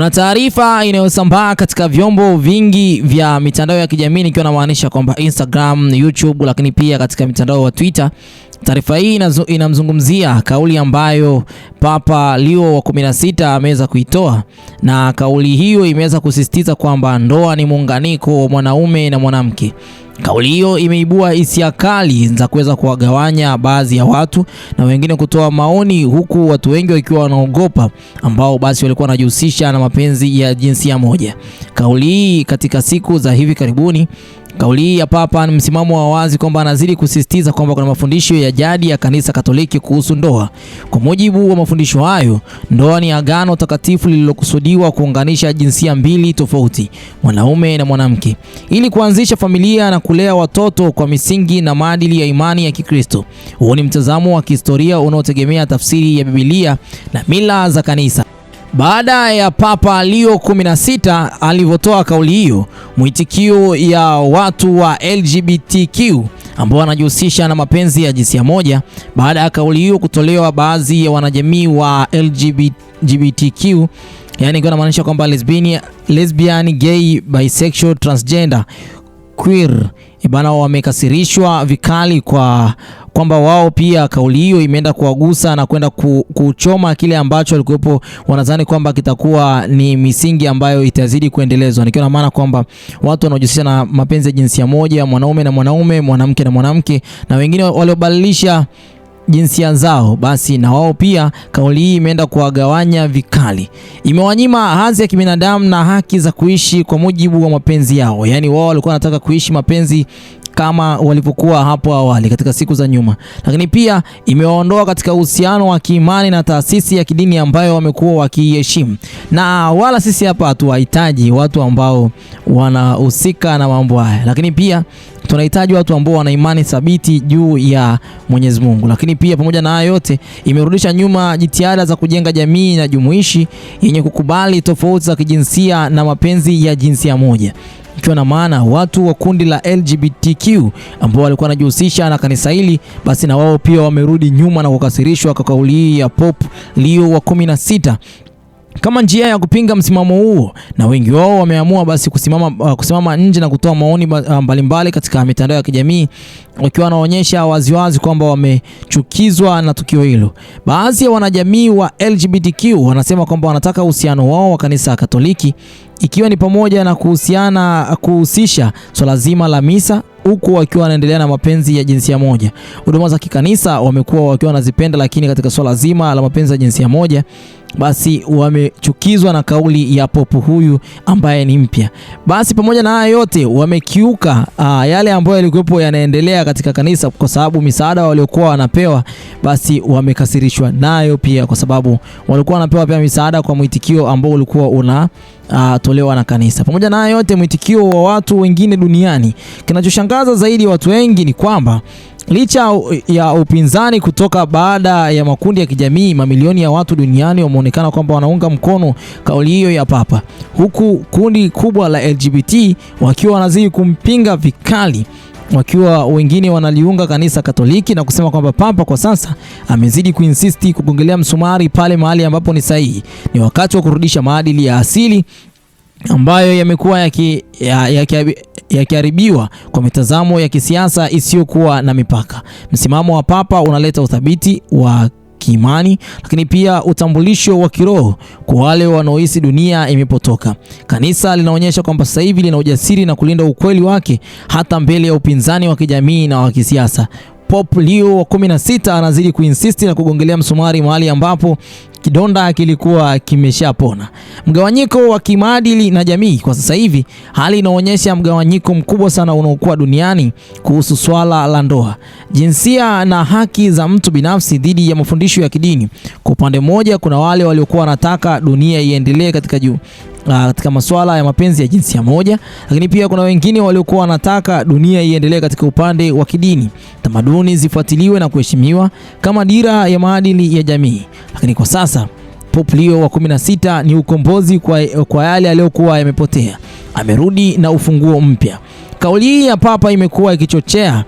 Kuna taarifa inayosambaa katika vyombo vingi vya mitandao ya kijamii nikiwa namaanisha kwamba Instagram, YouTube, lakini pia katika mitandao wa Twitter. Taarifa hii inamzungumzia kauli ambayo Papa Leo wa 16 ameweza kuitoa, na kauli hiyo imeweza kusisitiza kwamba ndoa ni muunganiko wa mwanaume na mwanamke. Kauli hiyo imeibua hisia kali za kuweza kuwagawanya baadhi ya watu na wengine kutoa maoni, huku watu wengi wakiwa wanaogopa, ambao basi walikuwa wanajihusisha na mapenzi ya jinsia moja. Kauli hii katika siku za hivi karibuni Kauli hii ya Papa ni msimamo wa wazi kwamba anazidi kusisitiza kwamba kuna mafundisho ya jadi ya Kanisa Katoliki kuhusu ndoa. Kwa mujibu wa mafundisho hayo, ndoa ni agano takatifu lililokusudiwa kuunganisha jinsia mbili tofauti, mwanaume na mwanamke, ili kuanzisha familia na kulea watoto kwa misingi na maadili ya imani ya Kikristo. Huu ni mtazamo wa kihistoria unaotegemea tafsiri ya Biblia na mila za kanisa. Baada ya Papa Leo 16 alivyotoa kauli hiyo, mwitikio ya watu wa LGBTQ ambao wanajihusisha na mapenzi ya jinsia moja baada ya kauli hiyo kutolewa, baadhi ya wanajamii wa LGBTQ, yani ikiwa inamaanisha kwamba lesbian, lesbian, gay, bisexual, transgender Queer bana eh, wamekasirishwa vikali kwa kwamba wao pia kauli hiyo imeenda kuwagusa na kwenda kuchoma kile ambacho walikuwepo wanadhani kwamba kitakuwa ni misingi ambayo itazidi kuendelezwa, nikiwa na maana kwamba watu wanaojihusisha na mapenzi ya jinsia moja, mwanaume na mwanaume, mwanamke na mwanamke, na wengine waliobadilisha jinsia zao, basi na wao pia kauli hii imeenda kuwagawanya vikali. Imewanyima hadhi ya kibinadamu na haki za kuishi kwa mujibu wa mapenzi yao. Yaani wao walikuwa wanataka kuishi mapenzi kama walivyokuwa hapo awali katika siku za nyuma, lakini pia imewaondoa katika uhusiano wa kiimani na taasisi ya kidini ambayo wamekuwa wakiiheshimu, na wala sisi hapa hatuwahitaji watu ambao wanahusika na mambo haya, lakini pia tunahitaji watu ambao wana imani thabiti juu ya Mwenyezi Mungu. Lakini pia pamoja na hayo yote, imerudisha nyuma jitihada za kujenga jamii na jumuishi yenye kukubali tofauti za kijinsia na mapenzi ya jinsia moja ikiwa na maana watu wa kundi la LGBTQ ambao walikuwa wanajihusisha na kanisa hili, basi na wao pia wamerudi nyuma na kukasirishwa kwa kauli hii ya Pope Leo wa 16 kama njia ya kupinga msimamo huo, na wengi wao wameamua basi kusimama, uh, kusimama nje na kutoa maoni uh, mbalimbali katika mitandao ya kijamii wakiwa wanaonyesha waziwazi kwamba wamechukizwa na tukio hilo. Baadhi ya wanajamii wa LGBTQ wanasema kwamba wanataka uhusiano wao wa kanisa Katoliki ikiwa ni pamoja na kuhusiana kuhusisha swala zima la misa huku wakiwa wanaendelea na mapenzi ya jinsia moja. Huduma za kikanisa wamekuwa wakiwa wanazipenda, lakini katika swala zima la mapenzi ya jinsia moja basi wamechukizwa na kauli ya popu huyu ambaye ni mpya. Basi pamoja na haya yote wamekiuka uh, yale ambayo yalikuwepo yanaendelea katika kanisa, kwa sababu misaada waliokuwa wanapewa basi wamekasirishwa nayo pia, kwa sababu walikuwa wanapewa pia misaada kwa mwitikio ambao ulikuwa una Uh, tolewa na kanisa. Pamoja na haya yote, mwitikio wa watu wengine duniani, kinachoshangaza zaidi watu wengi ni kwamba Licha ya upinzani kutoka baada ya makundi ya kijamii, mamilioni ya watu duniani wameonekana kwamba wanaunga mkono kauli hiyo ya Papa, huku kundi kubwa la LGBT wakiwa wanazidi kumpinga vikali, wakiwa wengine wanaliunga kanisa Katoliki na kusema kwamba Papa kwa sasa amezidi kuinsisti kugongelea msumari pale mahali ambapo ni sahihi. Ni wakati wa kurudisha maadili ya asili ambayo yamekuwa yakiharibiwa ya, ya, ya kwa mitazamo ya kisiasa isiyokuwa na mipaka. Msimamo wa Papa unaleta uthabiti wa kiimani lakini pia utambulisho wa kiroho kwa wale wanaohisi dunia imepotoka. Kanisa linaonyesha kwamba sasa hivi lina ujasiri na kulinda ukweli wake hata mbele ya upinzani wa kijamii na wa kisiasa. Pop Leo wa 16 anazidi kuinsisti na kugongelea msumari mahali ambapo kidonda kilikuwa kimeshapona. Mgawanyiko wa kimaadili na jamii kwa sasa hivi, hali inaonyesha mgawanyiko mkubwa sana unaokuwa duniani kuhusu swala la ndoa, jinsia na haki za mtu binafsi dhidi ya mafundisho ya kidini. Kwa upande mmoja, kuna wale waliokuwa wanataka dunia iendelee katika juu Ah, katika masuala ya mapenzi ya jinsia moja, lakini pia kuna wengine waliokuwa wanataka dunia iendelee katika upande wa kidini, tamaduni zifuatiliwe na kuheshimiwa kama dira ya maadili ya jamii. Lakini kwa sasa Pope Leo wa 16 ni ukombozi kwa, kwa yale yaliyokuwa yamepotea. Amerudi na ufunguo mpya. Kauli hii ya Papa imekuwa ikichochea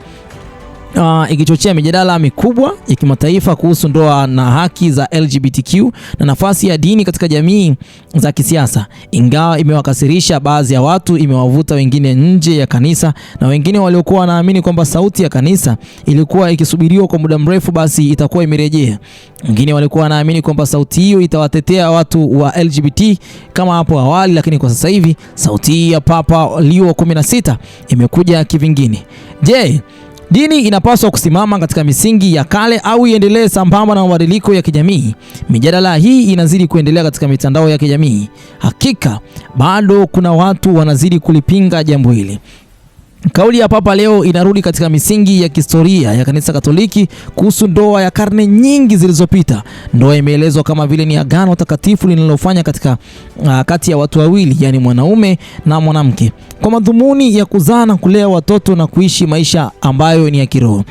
Uh, ikichochea mijadala mikubwa ya kimataifa kuhusu ndoa na haki za LGBTQ na nafasi ya dini katika jamii za kisiasa. Ingawa imewakasirisha baadhi ya watu, imewavuta wengine nje ya kanisa, na wengine waliokuwa wanaamini kwamba sauti ya kanisa ilikuwa ikisubiriwa kwa muda mrefu, basi itakuwa imerejea. Wengine walikuwa wanaamini kwamba sauti hiyo itawatetea watu wa LGBT kama hapo awali, lakini kwa sasa hivi sauti hii ya Papa Leo 16 imekuja kivingine. Je, Dini inapaswa kusimama katika misingi ya kale au iendelee sambamba na mabadiliko ya kijamii. Mijadala hii inazidi kuendelea katika mitandao ya kijamii. Hakika bado kuna watu wanazidi kulipinga jambo hili. Kauli ya Papa leo inarudi katika misingi ya kihistoria ya Kanisa Katoliki kuhusu ndoa ya karne nyingi zilizopita. Ndoa imeelezwa kama vile ni agano takatifu linalofanya katika uh, kati ya watu wawili, yaani mwanaume na mwanamke, kwa madhumuni ya kuzaa na kulea watoto na kuishi maisha ambayo ni ya kiroho.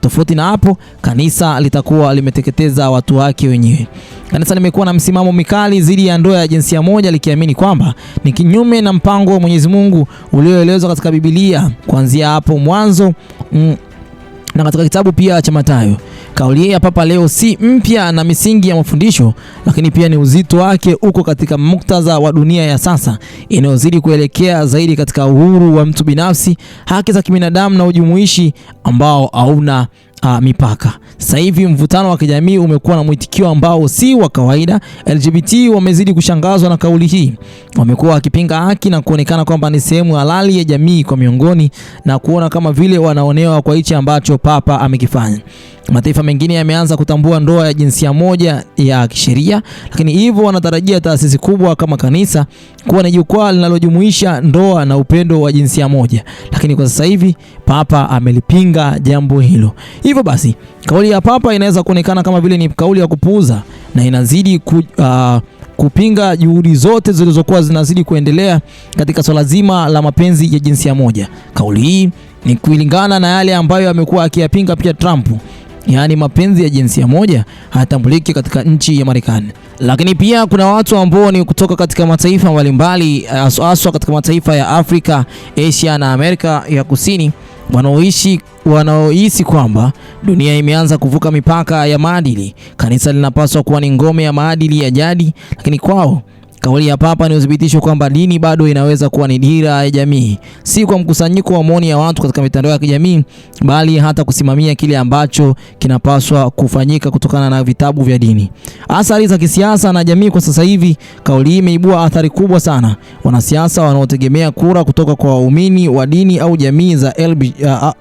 Tofauti na hapo, kanisa litakuwa limeteketeza watu wake wenyewe. Kanisa limekuwa na msimamo mikali dhidi ya ndoa ya jinsia moja likiamini kwamba ni kinyume na mpango wa Mwenyezi Mungu ulioelezwa katika Biblia kuanzia hapo mwanzo mm, na katika kitabu pia cha Mathayo. Kauli ya Papa Leo si mpya na misingi ya mafundisho, lakini pia ni uzito wake uko katika muktadha wa dunia ya sasa inayozidi kuelekea zaidi katika uhuru wa mtu binafsi, haki za kibinadamu na ujumuishi ambao hauna a, ah, mipaka. Sasa hivi mvutano wa kijamii umekuwa na mwitikio ambao si wa kawaida. LGBT wamezidi kushangazwa na kauli hii, wamekuwa wakipinga haki na kuonekana kwamba ni sehemu halali ya jamii kwa miongoni na kuona kama vile wanaonewa kwa hichi ambacho Papa amekifanya. Mataifa mengine yameanza kutambua ndoa ya jinsia moja ya kisheria, lakini hivyo wanatarajia taasisi kubwa kama kanisa kuwa ni jukwaa linalojumuisha ndoa na upendo wa jinsia moja, lakini kwa sasa hivi Papa amelipinga jambo hilo. Hivyo basi kauli ya Papa inaweza kuonekana kama vile ni kauli ya kupuuza na inazidi ku, uh, kupinga juhudi zote zilizokuwa zinazidi kuendelea katika swala zima la mapenzi ya jinsia moja. Kauli hii ni kulingana na yale ambayo amekuwa akiyapinga pia Trump yaani mapenzi ya jinsia moja hayatambuliki katika nchi ya Marekani. Lakini pia kuna watu ambao ni kutoka katika mataifa mbalimbali, eh, haswa katika mataifa ya Afrika, Asia na Amerika ya Kusini wanaoishi wanaohisi kwamba dunia imeanza kuvuka mipaka ya maadili. Kanisa linapaswa kuwa ni ngome ya maadili ya jadi, lakini kwao Kauli ya Papa ni uthibitisho kwamba dini bado inaweza kuwa ni dira ya jamii, si kwa mkusanyiko wa maoni ya watu katika mitandao ya kijamii, bali hata kusimamia kile ambacho kinapaswa kufanyika kutokana na vitabu vya dini, athari za kisiasa na jamii. Kwa sasa hivi, kauli hii imeibua athari kubwa sana. Wanasiasa wanaotegemea kura kutoka kwa waumini wa dini au jamii za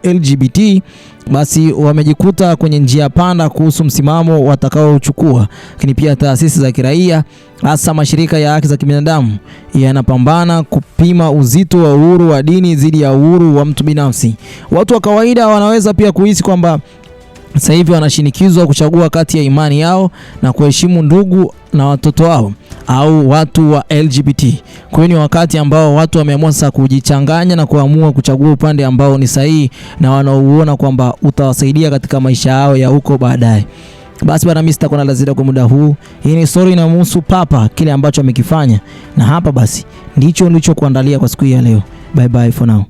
LGBT basi wamejikuta kwenye njia panda kuhusu msimamo watakaochukua. Lakini pia taasisi za kiraia, hasa mashirika ya haki za kibinadamu, yanapambana kupima uzito wa uhuru wa dini dhidi ya uhuru wa mtu binafsi. Watu wa kawaida wanaweza pia kuhisi kwamba sasa hivi wanashinikizwa kuchagua kati ya imani yao na kuheshimu ndugu na watoto wao au watu wa LGBT. Kwa hiyo ni wakati ambao watu wameamua sasa kujichanganya na kuamua kuchagua upande ambao ni sahihi na wanaouona kwamba utawasaidia katika maisha yao ya huko baadaye. Basi bwana, mimi sitakuwa na la ziada kwa muda huu. Hii ni story inayomhusu Papa, kile ambacho amekifanya, na hapa basi ndicho nilichokuandalia kwa siku hii ya leo. Bye bye for now.